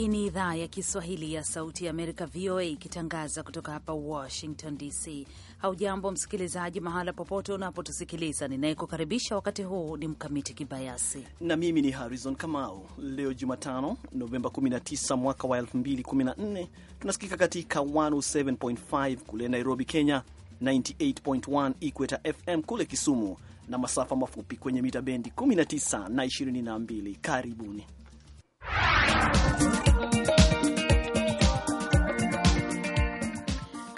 Hii ni idhaa ya Kiswahili ya Sauti ya Amerika, VOA, ikitangaza kutoka hapa Washington DC. Haujambo msikilizaji, mahala popote unapotusikiliza. Ninayekukaribisha wakati huu ni Mkamiti Kibayasi na mimi ni Harrison Kamau. Leo Jumatano, Novemba 19 mwaka wa 2014, tunasikika katika 107.5 kule Nairobi, Kenya, 98.1 Ikweta FM kule Kisumu na masafa mafupi kwenye mita bendi 19 na 22. Karibuni.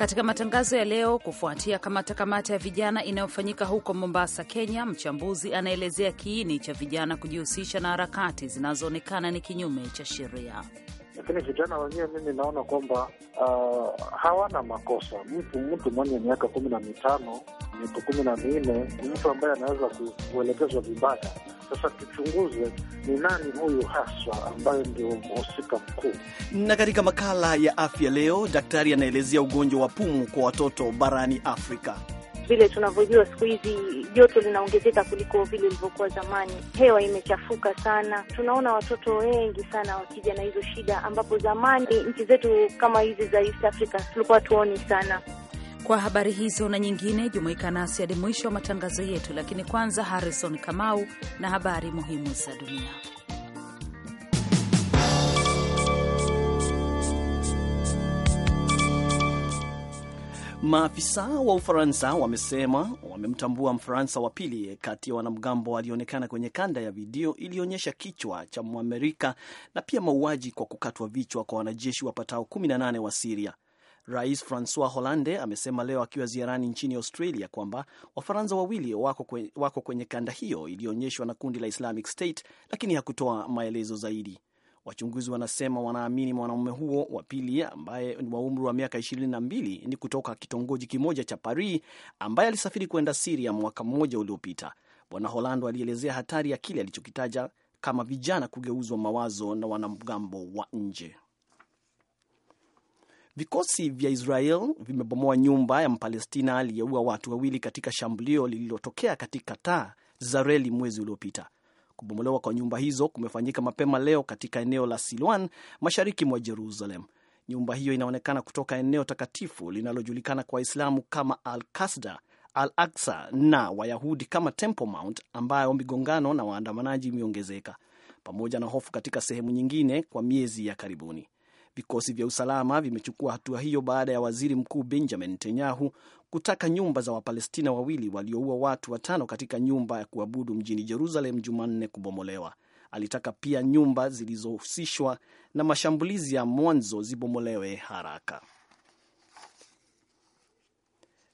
Katika matangazo ya leo, kufuatia kamata kamata ya vijana inayofanyika huko Mombasa, Kenya, mchambuzi anaelezea kiini cha vijana kujihusisha na harakati zinazoonekana ni kinyume cha sheria. Lakini vijana wenyewe mimi naona kwamba uh, hawana makosa. Mtu mtu mwenye miaka kumi na mitano miaka kumi na minne ni mtu ambaye anaweza kuelekezwa vibaya. Sasa tuchunguze ni nani huyu haswa ambaye ndio mhusika mkuu. Na katika makala ya afya leo, daktari anaelezea ugonjwa wa pumu kwa watoto barani Afrika. Vile tunavyojua siku hizi joto linaongezeka kuliko vile ilivyokuwa zamani, hewa imechafuka sana. Tunaona watoto wengi sana wakija na hizo shida, ambapo zamani nchi zetu kama hizi za East Africa tulikuwa tuoni sana. Kwa habari hizo na nyingine, jumuika nasi hadi mwisho wa matangazo yetu, lakini kwanza, Harrison Kamau na habari muhimu za dunia. Maafisa wa Ufaransa wamesema wamemtambua Mfaransa wa pili kati ya wanamgambo walioonekana kwenye kanda ya video iliyoonyesha kichwa cha Mwamerika na pia mauaji kwa kukatwa vichwa kwa wanajeshi wapatao 18 wa Siria Rais Francois Hollande amesema leo akiwa ziarani nchini Australia kwamba Wafaransa wawili wako kwenye, wako kwenye kanda hiyo iliyoonyeshwa na kundi la Islamic State, lakini hakutoa maelezo zaidi. Wachunguzi wanasema wanaamini mwanamume huo wa pili ambaye ni wa umri wa miaka ishirini na mbili ni kutoka kitongoji kimoja cha Paris ambaye alisafiri kwenda Siria mwaka mmoja uliopita. Bwana Holando alielezea hatari ya kile alichokitaja kama vijana kugeuzwa mawazo na wanamgambo wa nje. Vikosi vya Israel vimebomoa nyumba ya Mpalestina aliyeua watu wawili katika shambulio lililotokea katika taa za reli mwezi uliopita. Kubomolewa kwa nyumba hizo kumefanyika mapema leo katika eneo la Silwan, mashariki mwa Jerusalem. Nyumba hiyo inaonekana kutoka eneo takatifu linalojulikana kwa Waislamu kama Al Kasda, Al Aksa na Wayahudi kama Temple Mount, ambayo migongano na waandamanaji imeongezeka pamoja na hofu katika sehemu nyingine kwa miezi ya karibuni. Vikosi vya usalama vimechukua hatua hiyo baada ya waziri mkuu Benjamin Netanyahu kutaka nyumba za Wapalestina wawili walioua watu watano katika nyumba ya kuabudu mjini Jerusalem Jumanne kubomolewa. Alitaka pia nyumba zilizohusishwa na mashambulizi ya mwanzo zibomolewe haraka.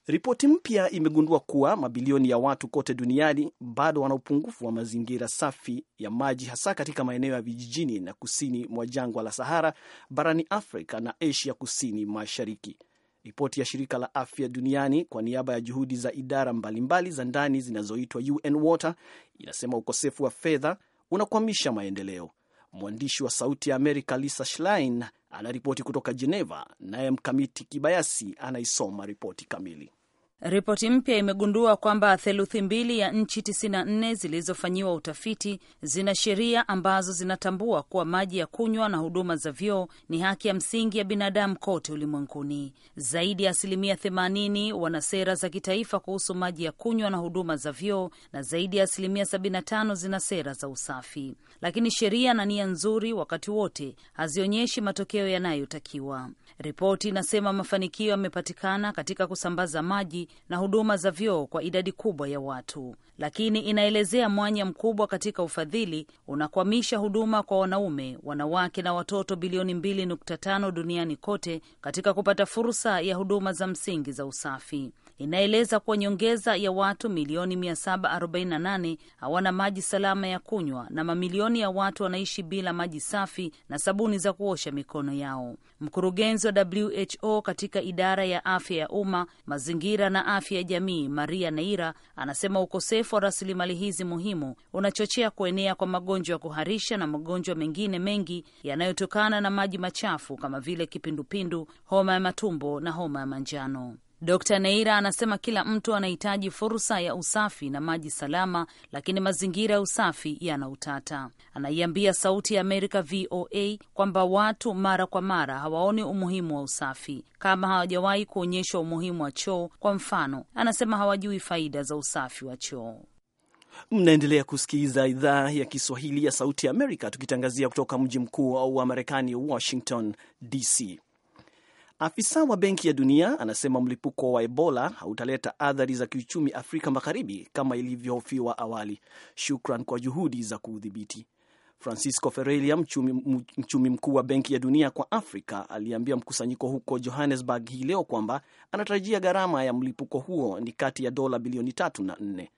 Ripoti mpya imegundua kuwa mabilioni ya watu kote duniani bado wana upungufu wa mazingira safi ya maji, hasa katika maeneo ya vijijini na kusini mwa jangwa la Sahara barani Afrika na Asia kusini mashariki. Ripoti ya shirika la afya duniani kwa niaba ya juhudi za idara mbalimbali za ndani zinazoitwa UN Water inasema ukosefu wa fedha unakwamisha maendeleo. Mwandishi wa Sauti ya Amerika Lisa Schlein anaripoti kutoka Geneva, naye Mkamiti Kibayasi anaisoma ripoti kamili. Ripoti mpya imegundua kwamba theluthi mbili ya nchi 94 zilizofanyiwa utafiti zina sheria ambazo zinatambua kuwa maji ya kunywa na huduma za vyoo ni haki ya msingi ya binadamu kote ulimwenguni. Zaidi ya asilimia 80 wana sera za kitaifa kuhusu maji ya kunywa na huduma za vyoo na zaidi ya asilimia 75 zina sera za usafi, lakini sheria na nia nzuri wakati wote hazionyeshi matokeo yanayotakiwa. Ripoti inasema mafanikio yamepatikana katika kusambaza maji na huduma za vyoo kwa idadi kubwa ya watu, lakini inaelezea mwanya mkubwa katika ufadhili unakwamisha huduma kwa wanaume, wanawake na watoto bilioni 2.5 duniani kote katika kupata fursa ya huduma za msingi za usafi inaeleza kuwa nyongeza ya watu milioni 748 hawana maji salama ya kunywa na mamilioni ya watu wanaishi bila maji safi na sabuni za kuosha mikono yao. Mkurugenzi wa WHO katika idara ya afya ya umma, mazingira na afya ya jamii, Maria Neira, anasema ukosefu wa rasilimali hizi muhimu unachochea kuenea kwa magonjwa ya kuharisha na magonjwa mengine mengi yanayotokana na maji machafu kama vile kipindupindu, homa ya matumbo na homa ya manjano. Dr. Neira anasema kila mtu anahitaji fursa ya usafi na maji salama, lakini mazingira ya usafi yana utata. Anaiambia Sauti ya Amerika VOA kwamba watu mara kwa mara hawaoni umuhimu wa usafi, kama hawajawahi kuonyeshwa umuhimu wa choo. Kwa mfano, anasema hawajui faida za usafi wa choo. Mnaendelea kusikiliza idhaa ya Kiswahili ya Sauti ya Amerika, tukitangazia kutoka mji mkuu wa Marekani, Washington DC. Afisa wa Benki ya Dunia anasema mlipuko wa Ebola hautaleta athari za kiuchumi Afrika Magharibi kama ilivyohofiwa awali, shukran kwa juhudi za kuudhibiti. Francisco Ferelia, mchumi, mchumi mkuu wa Benki ya Dunia kwa Afrika, aliambia mkusanyiko huko Johannesburg hii leo kwamba anatarajia gharama ya mlipuko huo ni kati ya dola bilioni tatu na nne.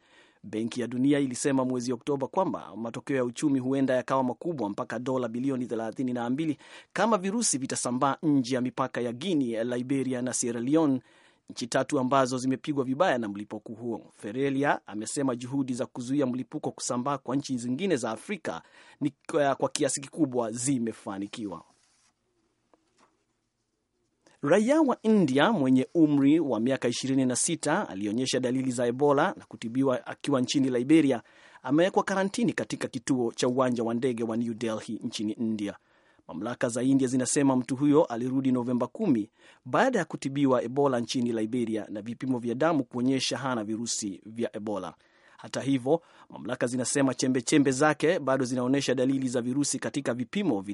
Benki ya Dunia ilisema mwezi Oktoba kwamba matokeo ya uchumi huenda yakawa makubwa mpaka dola bilioni 32 kama virusi vitasambaa nje ya mipaka ya Guinea, Liberia na Sierra Leone, nchi tatu ambazo zimepigwa vibaya na mlipuko huo. Ferelia amesema juhudi za kuzuia mlipuko kusambaa kwa nchi zingine za Afrika ni eh, kwa kiasi kikubwa zimefanikiwa. Raia wa India mwenye umri wa miaka 26 alionyesha dalili za Ebola na kutibiwa akiwa nchini Liberia amewekwa karantini katika kituo cha uwanja wa ndege wa New Delhi nchini India. Mamlaka za India zinasema mtu huyo alirudi Novemba 10 baada ya kutibiwa Ebola nchini Liberia na vipimo vya damu kuonyesha hana virusi vya Ebola. Hata hivyo, mamlaka zinasema chembechembe chembe zake bado zinaonyesha dalili za virusi katika vipimo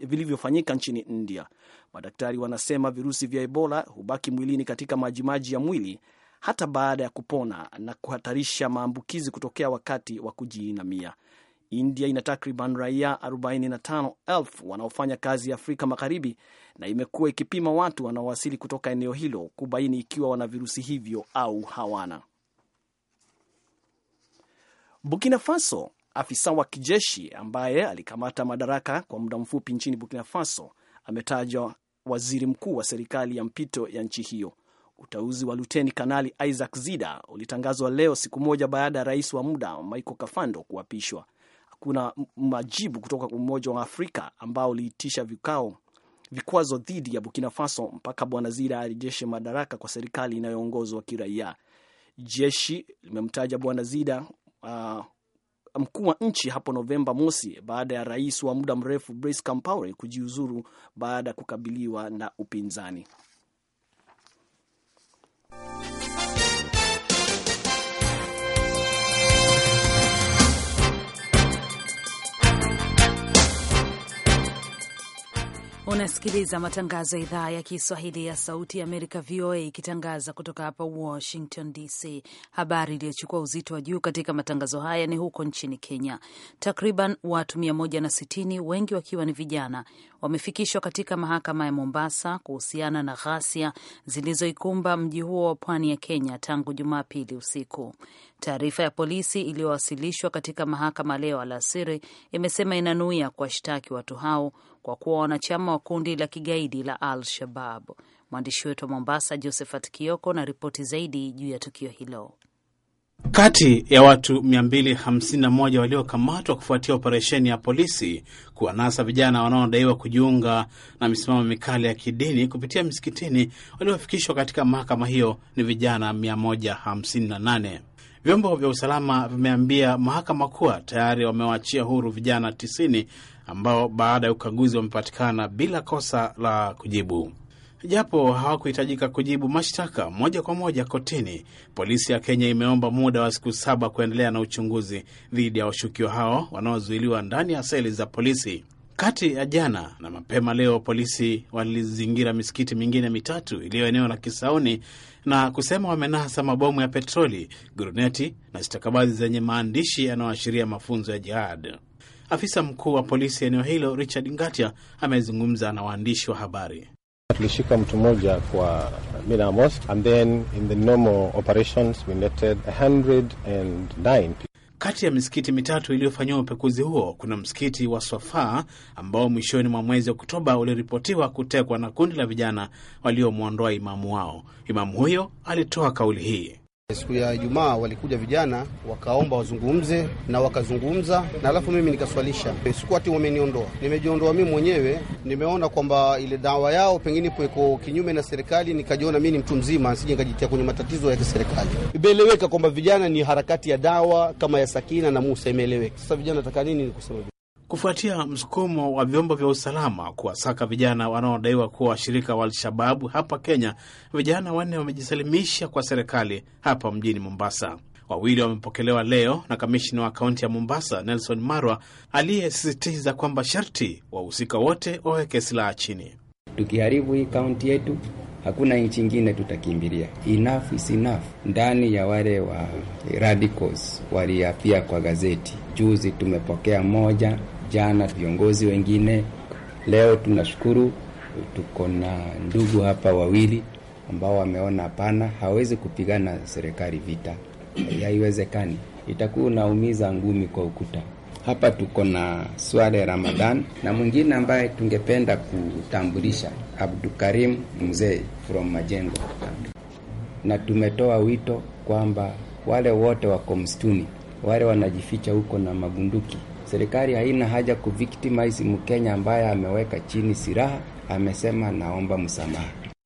vilivyofanyika nchini India. Madaktari wanasema virusi vya Ebola hubaki mwilini katika majimaji ya mwili hata baada ya kupona na kuhatarisha maambukizi kutokea wakati wa kujiinamia. India ina takriban raia 45,000 wanaofanya kazi ya Afrika Magharibi na imekuwa ikipima watu wanaowasili kutoka eneo hilo kubaini ikiwa wana virusi hivyo au hawana. Burkina Faso, afisa wa kijeshi ambaye alikamata madaraka kwa muda mfupi nchini Burkina Faso ametajwa waziri mkuu wa serikali ya mpito ya nchi hiyo. Uteuzi wa luteni kanali Isaac Zida ulitangazwa leo, siku moja baada ya rais wa muda Michael Kafando kuapishwa. Hakuna majibu kutoka Umoja wa Afrika ambao uliitisha vikao vikwazo dhidi ya Burkina Faso mpaka bwana Zida arejeshe madaraka kwa serikali inayoongozwa kiraia. Jeshi limemtaja bwana Zida uh, mkuu wa nchi hapo Novemba mosi baada ya rais wa muda mrefu Blaise Compaore kujiuzuru baada ya kukabiliwa na upinzani. Unasikiliza matangazo ya idhaa ya Kiswahili ya Sauti ya Amerika, VOA, ikitangaza kutoka hapa Washington DC. Habari iliyochukua uzito wa juu katika matangazo haya ni huko nchini Kenya. Takriban watu 160 wengi wakiwa ni vijana wamefikishwa katika mahakama ya Mombasa kuhusiana na ghasia zilizoikumba mji huo wa pwani ya Kenya tangu Jumapili usiku. Taarifa ya polisi iliyowasilishwa katika mahakama leo alasiri imesema inanuia kuwashtaki watu hao kwa kuwa wanachama wa kundi la kigaidi la Al Shabab. Mwandishi wetu wa Mombasa, Josephat Kioko, na ripoti zaidi juu ya tukio hilo. Kati ya watu 251 waliokamatwa kufuatia operesheni ya polisi kuwanasa vijana wanaodaiwa kujiunga na misimamo mikali ya kidini kupitia misikitini waliofikishwa katika mahakama hiyo ni vijana 158. Vyombo vya usalama vimeambia mahakama kuwa tayari wamewaachia huru vijana 90 ambao baada ya ukaguzi wamepatikana bila kosa la kujibu japo hawakuhitajika kujibu mashtaka moja kwa moja kotini. Polisi ya Kenya imeomba muda wa siku saba kuendelea na uchunguzi dhidi ya washukiwa hao wanaozuiliwa ndani ya seli za polisi. Kati ya jana na mapema leo, polisi walizingira misikiti mingine mitatu iliyo eneo la Kisauni na kusema wamenasa mabomu ya petroli, guruneti na stakabadhi zenye maandishi yanayoashiria mafunzo ya jihad. Afisa mkuu wa polisi eneo hilo Richard Ngatia amezungumza na waandishi wa habari. Tulishika mtu mmoja kwa Mina Mosque and then in the normal operations we netted 109 kati ya misikiti mitatu iliyofanyiwa upekuzi huo kuna msikiti wa Swafa ambao mwishoni mwa mwezi Oktoba uliripotiwa kutekwa na kundi la vijana waliomwondoa imamu wao. Imamu huyo alitoa kauli hii: Siku ya Ijumaa walikuja vijana wakaomba wazungumze na wakazungumza, na alafu mimi nikaswalisha. Siku ati wameniondoa, nimejiondoa mimi mwenyewe. Nimeona kwamba ile dawa yao pengine ipo iko kinyume na serikali, nikajiona mimi ni mtu mzima, sije nikajitia kwenye matatizo ya kiserikali. Imeeleweka kwamba vijana ni harakati ya dawa kama ya Sakina na Musa, imeeleweka. Sasa vijana nataka nini nikusema? kufuatia msukumo wa vyombo vya usalama kuwasaka vijana wanaodaiwa kuwa washirika wa Al-Shababu hapa Kenya, vijana wanne wamejisalimisha kwa serikali hapa mjini Mombasa. Wawili wamepokelewa leo na kamishina wa kaunti ya Mombasa, Nelson Marwa, aliyesisitiza kwamba sharti wahusika wote waweke silaha chini. Tukiharibu hii kaunti yetu, hakuna nchi ingine tutakimbilia. Enough is enough. Ndani ya wale wa radicals waliapia kwa gazeti juzi, tumepokea moja vijana, viongozi wengine. Leo tunashukuru tuko na ndugu hapa wawili ambao wameona hapana, hawezi kupigana serikali vita, haiwezekani, itakuwa unaumiza ngumi kwa ukuta. Hapa tuko na Swale ramadhan na mwingine ambaye tungependa kutambulisha Abdukarim Mzee from Majengo, na tumetoa wito kwamba wale wote wako msituni, wale wanajificha huko na magunduki Serikali haina haja kuvictimize Mkenya ambaye ameweka chini silaha, amesema naomba msamaha.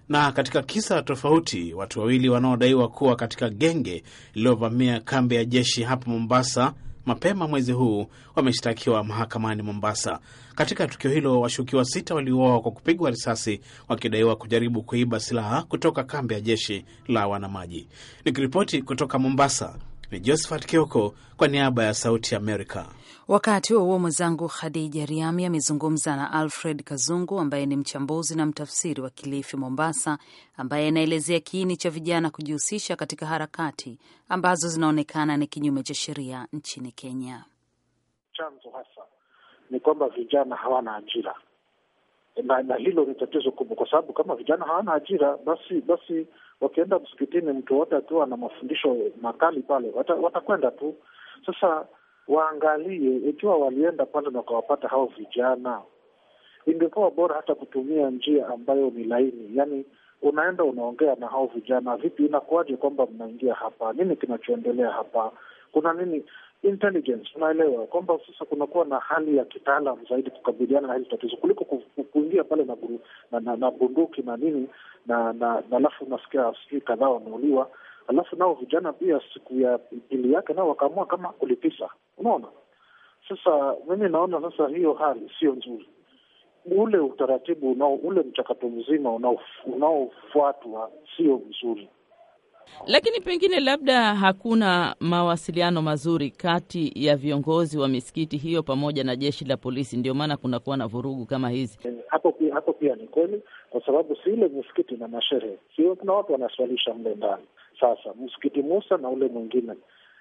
Na katika kisa tofauti, watu wawili wanaodaiwa kuwa katika genge lililovamia kambi ya jeshi hapa Mombasa mapema mwezi huu wameshtakiwa mahakamani Mombasa. Katika tukio hilo, washukiwa sita waliuawa kwa kupigwa risasi wakidaiwa kujaribu kuiba silaha kutoka kambi ya jeshi la wanamaji. Nikiripoti kutoka Mombasa ni Josephat Kioko kwa niaba ya Sauti Amerika. Wakati huo huo, mwenzangu Khadija Riami amezungumza na Alfred Kazungu ambaye ni mchambuzi na mtafsiri wa Kilifi, Mombasa, ambaye anaelezea kiini cha vijana kujihusisha katika harakati ambazo zinaonekana ni kinyume cha sheria nchini Kenya. Chanzo hasa ni kwamba vijana hawana ajira na, na hilo ni tatizo kubwa, kwa sababu kama vijana hawana ajira, basi basi wakienda msikitini, mtu wote akiwa na mafundisho makali pale watakwenda wata tu sasa waangalie ikiwa walienda pale na wakawapata hao vijana, ingekuwa bora hata kutumia njia ambayo ni laini, yani unaenda unaongea na hao vijana, vipi, inakuwaje kwamba mnaingia hapa, nini kinachoendelea hapa, kuna nini intelligence unaelewa kwamba sasa kunakuwa na hali ya kitaalam zaidi kukabiliana na hili tatizo kuliko kuingia pale na, na, na, na bunduki na nini na alafu na, na, unasikia sijui kadhaa wameuliwa alafu nao vijana pia siku ya pili yake nao wakaamua kama kulipisa Unaona, sasa mimi naona sasa hiyo hali sio nzuri. Ule utaratibu unao, ule mchakato mzima unaofuatwa sio mzuri lakini pengine labda hakuna mawasiliano mazuri kati ya viongozi wa misikiti hiyo pamoja na jeshi la polisi, ndio maana kunakuwa na vurugu kama hizi. Eh, hapo pia hapo pia ni kweli, kwa sababu si ile misikiti na masherehe, sio kuna watu wanaswalisha mle ndani sasa, msikiti Musa na ule mwingine.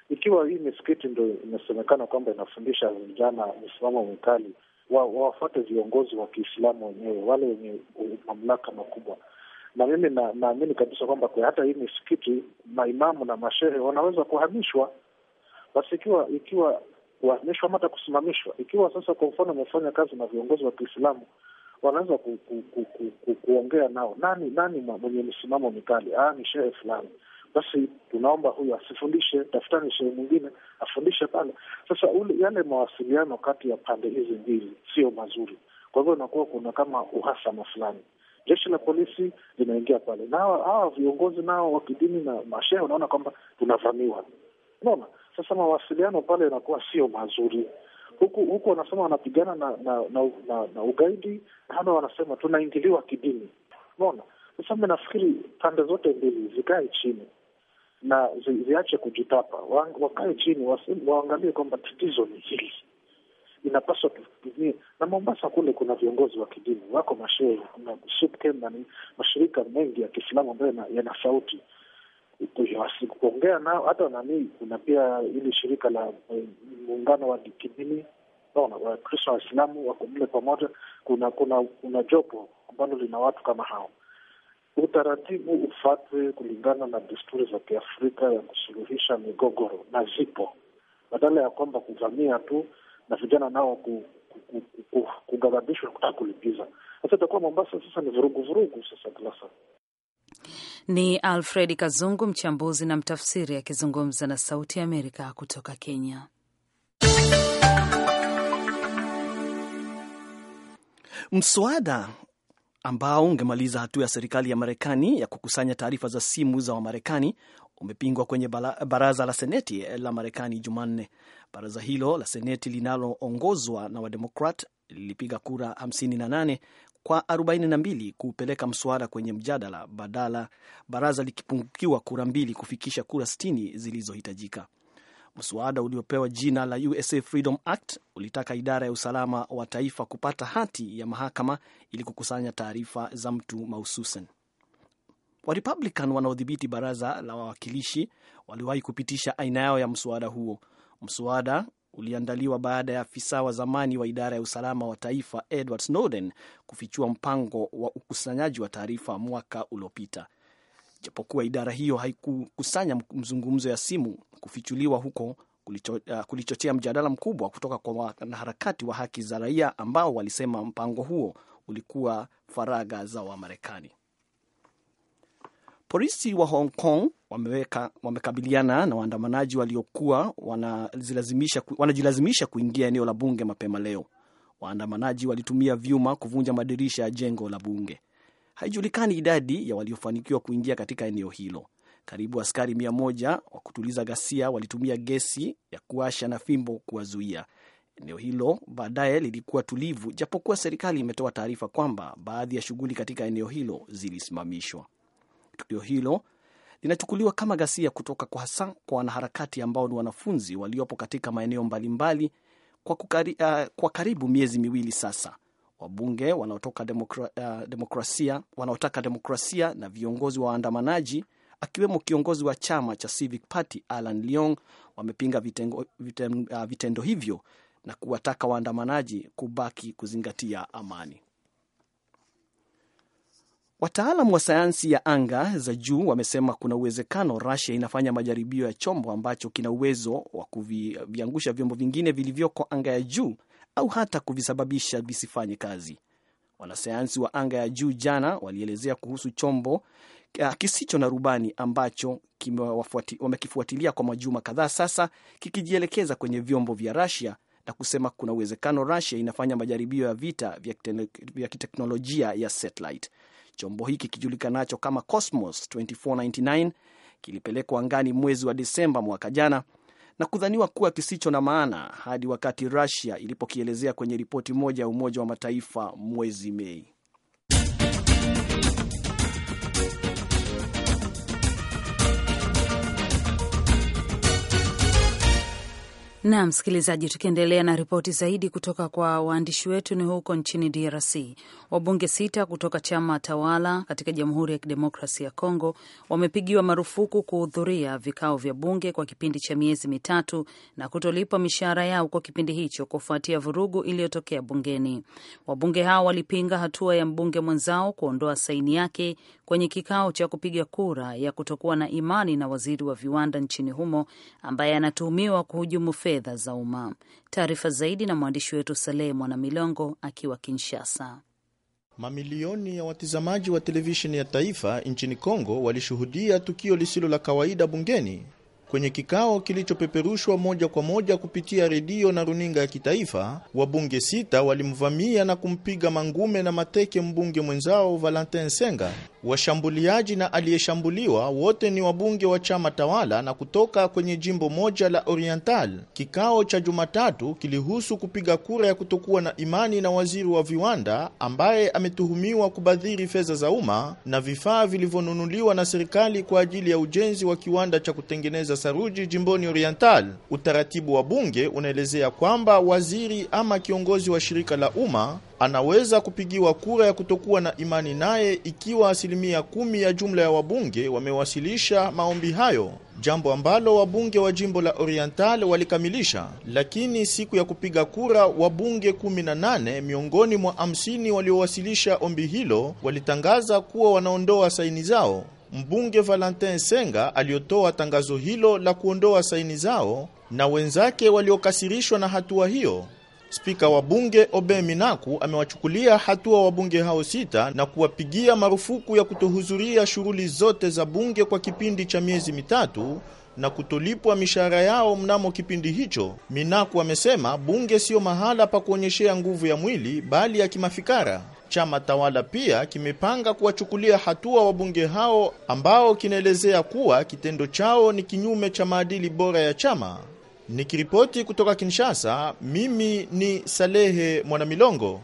Ikiwa hii misikiti ndo inasemekana kwamba inafundisha vijana msimamo mkali, wawafuate viongozi wa Kiislamu wenyewe, wale wenye mamlaka makubwa na mimi naamini na kabisa kwamba kwa hata hii misikiti maimamu na mashehe wanaweza kuhamishwa. Basi ikiwa ikiwa kuhamishwa ama hata kusimamishwa, ikiwa sasa kwa mfano amefanya kazi na viongozi wa Kiislamu, wanaweza ku, ku, ku, ku, ku, kuongea nao, nani nani mwenye msimamo mikali? Ah, ni shehe fulani, basi tunaomba huyo asifundishe, tafutani sehemu mwingine afundishe pale. Sasa ule yale mawasiliano kati ya pande hizi mbili sio mazuri, kwa hivyo inakuwa kuna kama uhasama fulani. Jeshi la polisi linaingia pale, na hawa viongozi nao wa kidini na mashehe wanaona kwamba tunavamiwa, unaona. Sasa mawasiliano pale yanakuwa sio mazuri huku huku wanasema wanapigana na na, na, na, na ugaidi hapa wanasema tunaingiliwa kidini. Unaona, sasa mi nafikiri pande zote mbili zikae chini na zi, ziache kujitapa, wakae chini, waangalie kwamba tatizo ni hili, inapaswa tutumie. Na Mombasa kule kuna viongozi wa kidini wako mashehe, kuna ni mashirika mengi ya Kiislamu ambayo yana sauti kuongea nao. Hata nanii kuna pia hili shirika la eh, muungano wa kidini Wakristo Waislamu wako mle pamoja. Kuna kuna kuna jopo ambalo lina watu kama hao utaratibu ufatwe kulingana na desturi za Kiafrika ya kusuluhisha migogoro, na zipo, badala ya kwamba kuvamia tu na vijana nao ku, kutaka kulipiza. Sasa itakuwa Mombasa sasa ni vurugu vurugu sasa kila Ni Alfred Kazungu, mchambuzi na mtafsiri, akizungumza na Sauti ya Amerika kutoka Kenya. Mswada ambao ungemaliza hatua ya serikali ya Marekani ya kukusanya taarifa za simu za Wamarekani umepingwa kwenye baraza la seneti eh, la Marekani Jumanne. Baraza hilo la seneti linaloongozwa na Wademokrat lilipiga kura 58 kwa 42 kuupeleka mswada kwenye mjadala badala, baraza likipungukiwa kura mbili kufikisha kura 60 zilizohitajika. Mswada uliopewa jina la USA Freedom Act ulitaka idara ya usalama wa taifa kupata hati ya mahakama ili kukusanya taarifa za mtu mahususan. Warepublican wanaodhibiti baraza la wawakilishi waliwahi kupitisha aina yao ya mswada huo. Mswada uliandaliwa baada ya afisa wa zamani wa idara ya usalama wa taifa Edward Snowden kufichua mpango wa ukusanyaji wa taarifa mwaka uliopita japokuwa idara hiyo haikukusanya mzungumzo ya simu. Kufichuliwa huko kulicho, uh, kulichochea mjadala mkubwa kutoka kwa wanaharakati wa haki za raia ambao walisema mpango huo ulikuwa faragha za Wamarekani. Polisi wa Hong Kong wameweka, wamekabiliana na waandamanaji waliokuwa wanajilazimisha kuingia eneo la bunge mapema leo. Waandamanaji walitumia vyuma kuvunja madirisha ya jengo la bunge. Haijulikani idadi ya waliofanikiwa kuingia katika eneo hilo. Karibu askari mia moja wa kutuliza ghasia walitumia gesi ya kuasha na fimbo kuwazuia. Eneo hilo baadaye lilikuwa tulivu, japokuwa serikali imetoa taarifa kwamba baadhi ya shughuli katika eneo hilo zilisimamishwa. Tukio hilo linachukuliwa kama ghasia kutoka kwa hasa kwa wanaharakati ambao ni wanafunzi waliopo katika maeneo mbalimbali kwa, kukari, uh, kwa karibu miezi miwili sasa wabunge wanaotaka demokra, uh, demokrasia, wanaotaka demokrasia na viongozi wa waandamanaji akiwemo kiongozi wa chama cha Civic Party Alan Leong wamepinga vitengo, viten, uh, vitendo hivyo na kuwataka waandamanaji kubaki kuzingatia amani. Wataalam wa sayansi ya anga za juu wamesema kuna uwezekano Russia inafanya majaribio ya chombo ambacho kina uwezo wa kuviangusha vyombo vingine vilivyoko anga ya juu au hata kuvisababisha visifanye kazi. Wanasayansi wa anga ya juu jana walielezea kuhusu chombo uh, kisicho na rubani ambacho wamekifuatilia kwa majuma kadhaa sasa kikijielekeza kwenye vyombo vya Russia na kusema kuna uwezekano Russia inafanya majaribio ya vita vya kiteknolojia ya satellite. Chombo hiki kijulikanacho kama Cosmos 2499 kilipelekwa angani mwezi wa Desemba mwaka jana na kudhaniwa kuwa kisicho na maana hadi wakati Russia ilipokielezea kwenye ripoti moja ya Umoja wa Mataifa mwezi Mei. Na msikilizaji, tukiendelea na ripoti zaidi kutoka kwa waandishi wetu, ni huko nchini DRC. Wabunge sita kutoka chama tawala katika Jamhuri ya Kidemokrasia ya Kongo wamepigiwa marufuku kuhudhuria vikao vya bunge kwa kipindi cha miezi mitatu na kutolipwa mishahara yao kwa kipindi hicho kufuatia vurugu iliyotokea bungeni. Wabunge hao walipinga hatua ya mbunge mwenzao kuondoa saini yake kwenye kikao cha kupiga kura ya kutokuwa na imani na waziri wa viwanda nchini humo ambaye anatuhumiwa kuhujumu fedha za umma. Taarifa zaidi na mwandishi wetu Salehe Mwanamilongo akiwa Kinshasa. Mamilioni ya watazamaji wa televisheni ya taifa nchini Kongo walishuhudia tukio lisilo la kawaida bungeni Kwenye kikao kilichopeperushwa moja kwa moja kupitia redio na runinga ya kitaifa, wabunge sita walimvamia na kumpiga mangume na mateke mbunge mwenzao Valentin Senga. Washambuliaji na aliyeshambuliwa wote ni wabunge wa chama tawala na kutoka kwenye jimbo moja la Oriental. Kikao cha Jumatatu kilihusu kupiga kura ya kutokuwa na imani na waziri wa viwanda ambaye ametuhumiwa kubadhiri fedha za umma na vifaa vilivyonunuliwa na serikali kwa ajili ya ujenzi wa kiwanda cha kutengeneza Saruji jimboni Oriental. Utaratibu wa bunge unaelezea kwamba waziri ama kiongozi wa shirika la umma anaweza kupigiwa kura ya kutokuwa na imani naye ikiwa asilimia kumi ya jumla ya wabunge wamewasilisha maombi hayo, jambo ambalo wabunge wa jimbo la Oriental walikamilisha. Lakini siku ya kupiga kura, wabunge 18 miongoni mwa 50 waliowasilisha ombi hilo walitangaza kuwa wanaondoa saini zao mbunge Valentin Senga aliyotoa tangazo hilo la kuondoa saini zao na wenzake waliokasirishwa na hatua hiyo. Spika wa bunge Obe Minaku amewachukulia hatua wabunge hao sita na kuwapigia marufuku ya kutohudhuria shughuli zote za bunge kwa kipindi cha miezi mitatu na kutolipwa mishahara yao mnamo kipindi hicho. Minaku amesema bunge siyo mahala pa kuonyeshea nguvu ya mwili bali ya kimafikara. Chama tawala pia kimepanga kuwachukulia hatua wabunge hao ambao kinaelezea kuwa kitendo chao ni kinyume cha maadili bora ya chama. Nikiripoti kutoka Kinshasa, mimi ni Salehe Mwanamilongo.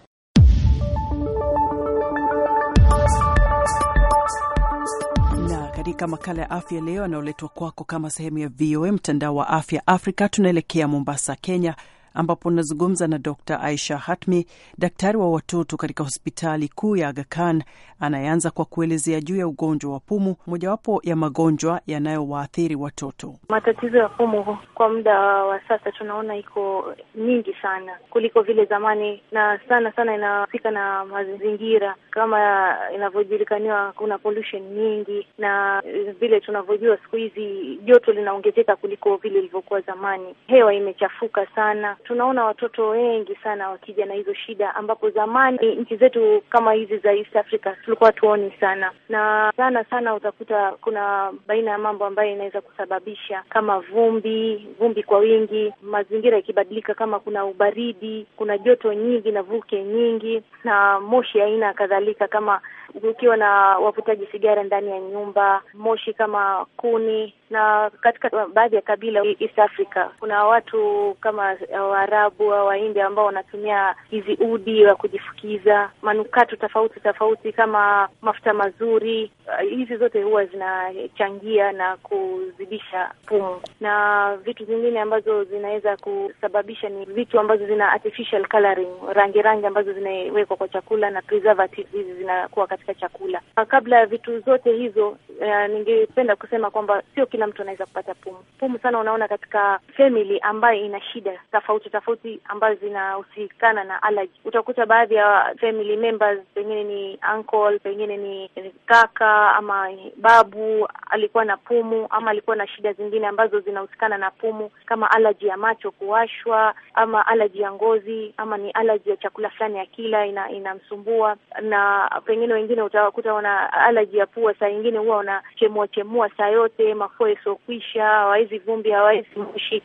Katika makala ya afya leo yanayoletwa kwako kama sehemu ya VOA mtandao wa afya Afrika, tunaelekea Mombasa, Kenya, ambapo nazungumza na Dr Aisha Hatmi, daktari wa watoto katika hospitali kuu ya Aga Khan, anayeanza kwa kuelezea juu ya ugonjwa wa pumu, mojawapo ya magonjwa yanayowaathiri watoto. Matatizo ya pumu kwa muda wa sasa tunaona iko nyingi sana kuliko vile zamani, na sana sana inafika na mazingira kama inavyojulikaniwa, kuna pollution nyingi, na vile tunavyojua siku hizi joto linaongezeka kuliko vile ilivyokuwa zamani. Hewa imechafuka sana, tunaona watoto wengi sana wakija na hizo shida, ambapo zamani nchi zetu kama hizi za East Africa tulikuwa tuoni sana, na sana sana utakuta kuna baina ya mambo ambayo inaweza kusababisha kama vumbi, vumbi kwa wingi, mazingira ikibadilika, kama kuna ubaridi, kuna joto nyingi na vuke nyingi na moshi aina kadhalika, kama ukiwa na wavutaji sigara ndani ya nyumba, moshi kama kuni, na katika baadhi ya kabila East Africa kuna watu kama Waarabu au Wahindi ambao wanatumia hizi udi wa kujifukiza, manukato tofauti tofauti kama mafuta mazuri. Uh, hizi zote huwa zinachangia na kuzidisha pumu, na vitu vingine ambazo zinaweza kusababisha ni vitu ambazo zina artificial coloring, rangi rangi ambazo zinawekwa kwa chakula na preservatives hizi zinakuwa katika chakula. Ah, kabla ya vitu zote hizo, eh, ningependa kusema kwamba sio kila mtu anaweza kupata pumu. Pumu sana unaona katika family ambayo ina shida tofauti tofauti ambazo zinahusikana na allergy. Utakuta baadhi ya family members, pengine ni uncle, pengine ni kaka ama babu alikuwa na pumu ama alikuwa na shida zingine ambazo zinahusikana na pumu kama allergy ya macho kuwashwa ama allergy ya ngozi ama ni allergy ya chakula fulani ya kila ina- inamsumbua na pengine wengine utakuta wana alaji ya pua, saa nyingine huwa wanachemua chemua saa yote, mafua isiokwisha, hawawezi vumbi, hawawezi moshi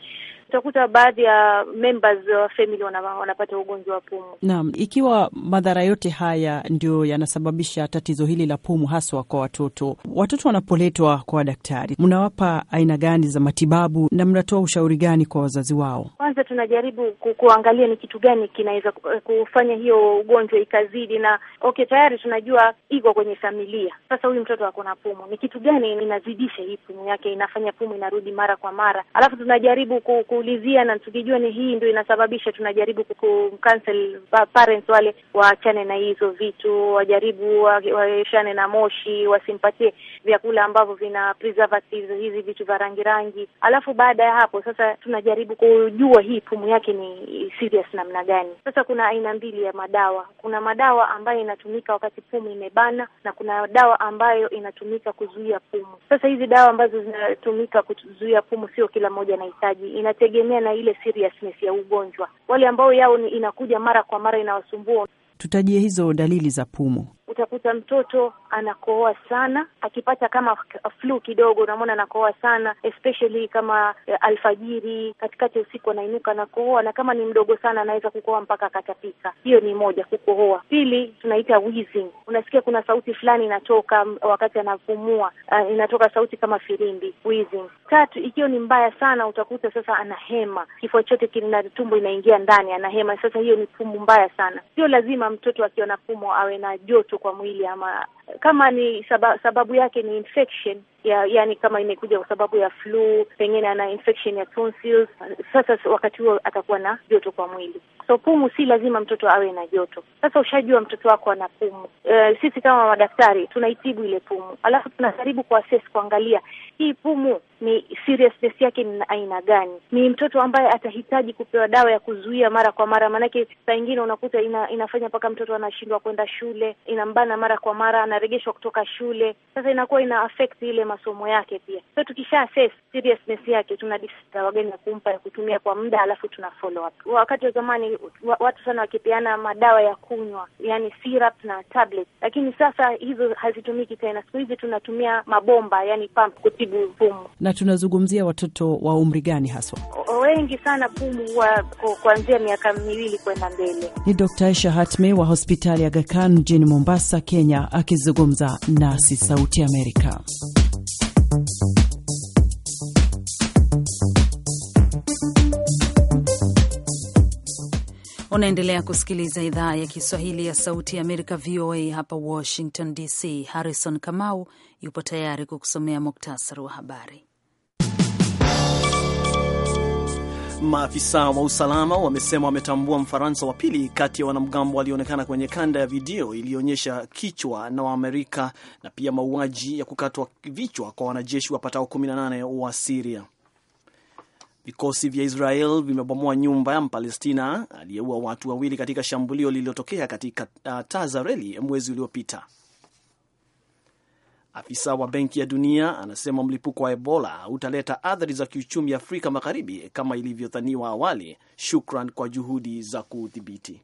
utakuta baadhi ya members wa family wanapata ugonjwa wa pumu. Naam, ikiwa madhara yote haya ndio yanasababisha tatizo hili la pumu haswa kwa watoto, watoto wanapoletwa kwa daktari, mnawapa aina gani za matibabu na mnatoa ushauri gani kwa wazazi wao? Kwanza tunajaribu kuangalia ni kitu gani kinaweza eh, kufanya hiyo ugonjwa ikazidi, na okay, tayari tunajua iko kwenye familia. Sasa huyu mtoto ako na pumu, ni kitu gani inazidisha hii pumu yake, inafanya pumu inarudi mara kwa mara, alafu tunajaribu ku, ku tunaulizia na tukijua ni hii ndio inasababisha, tunajaribu kucancel parents wale, waachane na hizo vitu, wajaribu waeshane na moshi, wasimpatie vyakula ambavyo vina preservatives, hizi vitu vya rangi rangi. Alafu baada ya hapo sasa tunajaribu kujua hii pumu yake ni serious namna gani. Sasa kuna aina mbili ya madawa, kuna madawa ambayo inatumika wakati pumu imebana na kuna dawa ambayo inatumika kuzuia pumu. Sasa hizi dawa ambazo zinatumika kuzuia pumu sio kila mmoja anahitaji, inategemea inategemea na ile seriousness ya ugonjwa. Wale ambao yao ni inakuja mara kwa mara inawasumbua, tutajie hizo dalili za pumu utakuta mtoto anakohoa sana, akipata kama flu kidogo, unamwona anakohoa sana, especially kama eh, alfajiri, katikati ya usiku anainuka anakohoa, na kama ni mdogo sana anaweza kukohoa mpaka akatapika. Hiyo ni moja, kukohoa. Pili tunaita wheezing, unasikia kuna sauti fulani inatoka wakati anapumua, uh, inatoka sauti kama firimbi, wheezing. Tatu, ikiwa ni mbaya sana, utakuta sasa anahema, kifua chote kina tumbo inaingia ndani, anahema. Sasa hiyo ni pumu mbaya sana. Sio lazima mtoto akiwa na pumu awe na joto kwa mwili ama kama ni sababu, sababu yake ni infection ya, yani kama imekuja kwa sababu ya flu, pengine ana infection ya tonsils. Sasa wakati huo atakuwa na joto kwa mwili. So pumu si lazima mtoto awe na joto. Sasa ushajua mtoto wako ana pumu. E, sisi kama madaktari tunaitibu ile pumu, alafu tunajaribu kuassess, kuangalia hii pumu ni seriousness yake ni aina gani. Ni mtoto ambaye atahitaji kupewa dawa ya kuzuia mara kwa mara, maanake saa ingine unakuta ina, inafanya mpaka mtoto anashindwa kwenda shule, inambana mara kwa mara, anaregeshwa kutoka shule. Sasa inakuwa ina affect ile masomo yake pia. So tukisha assess seriousness yake, tuna decide wagani ya kumpa ya kutumia kwa muda, alafu tuna follow up. Wakati wa zamani watu sana wakipeana madawa ya kunywa, yani syrup na tablet, lakini sasa hizo hazitumiki tena. Siku hizi tunatumia mabomba, yani pump, kutibu pumu. Na tunazungumzia watoto wa umri gani haswa? Wengi sana pumu huwa kuanzia miaka miwili kwenda mbele. Ni Dr. Aisha hatme wa hospitali ya gakan mjini Mombasa, Kenya, akizungumza nasi Sauti Amerika. Unaendelea kusikiliza idhaa ya Kiswahili ya Sauti ya Amerika, VOA hapa Washington DC. Harrison Kamau yupo tayari kukusomea muktasari wa habari. Maafisa wa usalama wamesema wametambua Mfaransa wa pili kati ya wanamgambo walioonekana kwenye kanda ya video iliyoonyesha kichwa na Waamerika na pia mauaji ya kukatwa vichwa kwa wanajeshi wapatao 18 wa Siria. Vikosi vya Israel vimebomoa nyumba ya Mpalestina aliyeua watu wawili katika shambulio lililotokea katika uh, Tazareli mwezi uliopita. Afisa wa Benki ya Dunia anasema mlipuko wa Ebola utaleta athari za kiuchumi Afrika Magharibi kama ilivyodhaniwa awali, shukran kwa juhudi za kuudhibiti.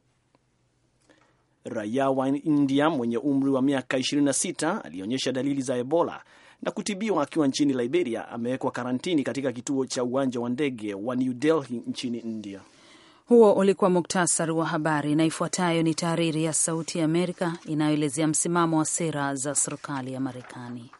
Raia wa India mwenye umri wa miaka 26 alionyesha dalili za Ebola na kutibiwa akiwa nchini Liberia. Amewekwa karantini katika kituo cha uwanja wa ndege wa New Delhi nchini India. Huo ulikuwa muktasari wa habari, na ifuatayo ni tahariri ya Sauti ya Amerika inayoelezea msimamo wa sera za serikali ya Marekani.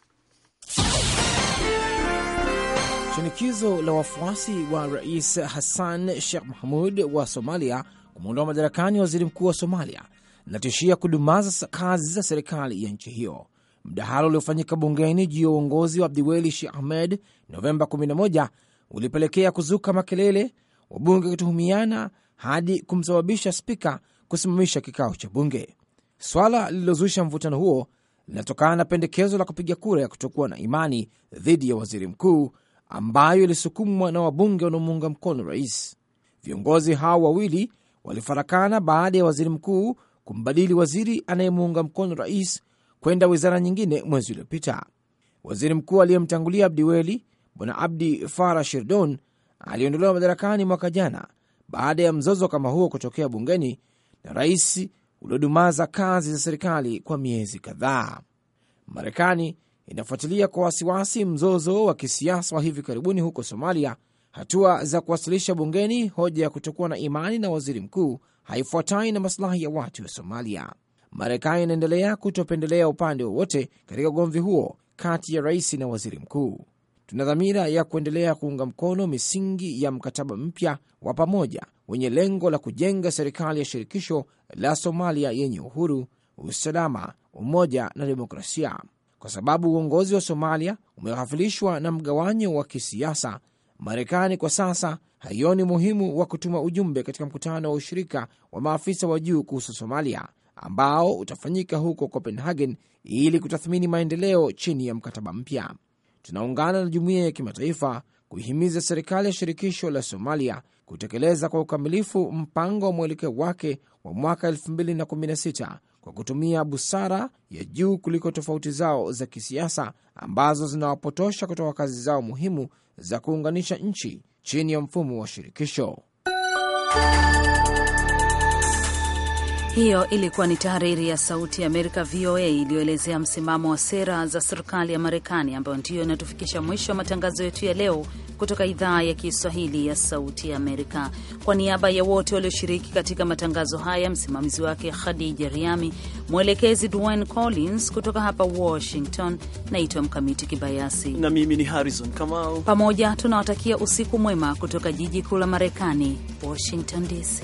Shinikizo la wafuasi wa Rais Hassan Sheikh Mahmud wa Somalia kumwondoa madarakani waziri mkuu wa Somalia linatishia kudumaza kazi za serikali ya nchi hiyo. Mdahalo uliofanyika bungeni juu ya uongozi wa Abdiweli Sheikh Ahmed Novemba 11 ulipelekea kuzuka makelele wabunge wakituhumiana hadi kumsababisha spika kusimamisha kikao cha bunge. Swala lililozusha mvutano huo linatokana na pendekezo la kupiga kura ya kutokuwa na imani dhidi ya waziri mkuu ambayo ilisukumwa na wabunge wanaomuunga mkono rais. Viongozi hao wawili walifarakana baada ya waziri mkuu kumbadili waziri anayemuunga mkono rais kwenda wizara nyingine mwezi uliopita. Waziri mkuu aliyemtangulia Abdi Weli, Bwana Abdi Farah Shirdon, aliondolewa madarakani mwaka jana baada ya mzozo kama huo kutokea bungeni na rais uliodumaza kazi za serikali kwa miezi kadhaa. Marekani inafuatilia kwa wasiwasi mzozo wa kisiasa wa hivi karibuni huko Somalia. Hatua za kuwasilisha bungeni hoja ya kutokuwa na imani na waziri mkuu haifuatani na masilahi ya watu wa Somalia. Marekani inaendelea kutopendelea upande wowote katika ugomvi huo kati ya rais na waziri mkuu tuna dhamira ya kuendelea kuunga mkono misingi ya mkataba mpya wa pamoja wenye lengo la kujenga serikali ya shirikisho la Somalia yenye uhuru, usalama, umoja na demokrasia, kwa sababu uongozi wa Somalia umeghafilishwa na mgawanyo wa kisiasa. Marekani kwa sasa haioni muhimu wa kutuma ujumbe katika mkutano wa ushirika wa maafisa wa juu kuhusu Somalia ambao utafanyika huko Copenhagen ili kutathmini maendeleo chini ya mkataba mpya tunaungana na jumuiya ya kimataifa kuihimiza serikali ya shirikisho la Somalia kutekeleza kwa ukamilifu mpango wa mwelekeo wake wa mwaka 2016 kwa kutumia busara ya juu kuliko tofauti zao za kisiasa ambazo zinawapotosha kutoka kazi zao muhimu za kuunganisha nchi chini ya mfumo wa shirikisho. Hiyo ilikuwa ni tahariri ya Sauti ya Amerika, VOA, iliyoelezea msimamo wa sera za serikali ya Marekani, ambayo ndiyo inatufikisha mwisho wa matangazo yetu ya leo kutoka idhaa ya Kiswahili ya Sauti ya Amerika. Kwa niaba ya wote walioshiriki katika matangazo haya, msimamizi wake Khadija Riami, mwelekezi Dwayne Collins. Kutoka hapa Washington, naitwa Mkamiti Kibayasi na mimi ni Harrison Kamau. Pamoja tunawatakia usiku mwema kutoka jiji kuu la Marekani, Washington DC.